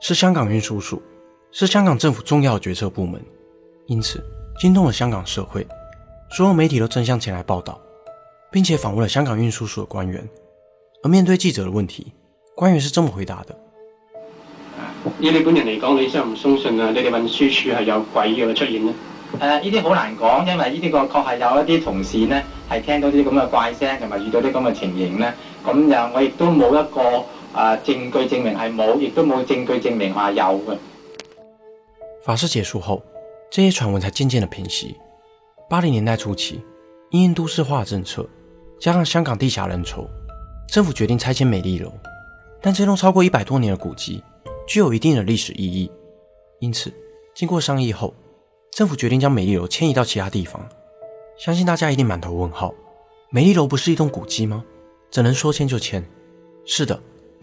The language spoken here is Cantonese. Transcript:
是香港運輸署，是香港政府重要的決策部門，因此驚動了香港社會，所有媒體都爭相前來報道，並且訪問了香港運輸署的官員。而面對記者的問題，官員是這麼回答的：以你本人嚟講，你哋今年嚟講，你相信唔相信啊？你哋運輸署係有鬼嘅出現呢？誒，呢啲好難講，因為呢啲個確係有一啲同事呢係聽到啲咁嘅怪聲，同埋遇到啲咁嘅情形呢。咁又我亦都冇一個。啊！證據證明係冇，亦都冇證據證明話有嘅。法事結束後，這些傳聞才漸漸的平息。八零年代初期，因應都市化的政策，加上香港地狹人稠，政府決定拆遷美麗樓。但這棟超過一百多年的古蹟，具有一定的歷史意義，因此經過商議後，政府決定將美麗樓遷移到其他地方。相信大家一定滿頭問號：美麗樓不是一棟古蹟嗎？怎能說遷就遷？是的。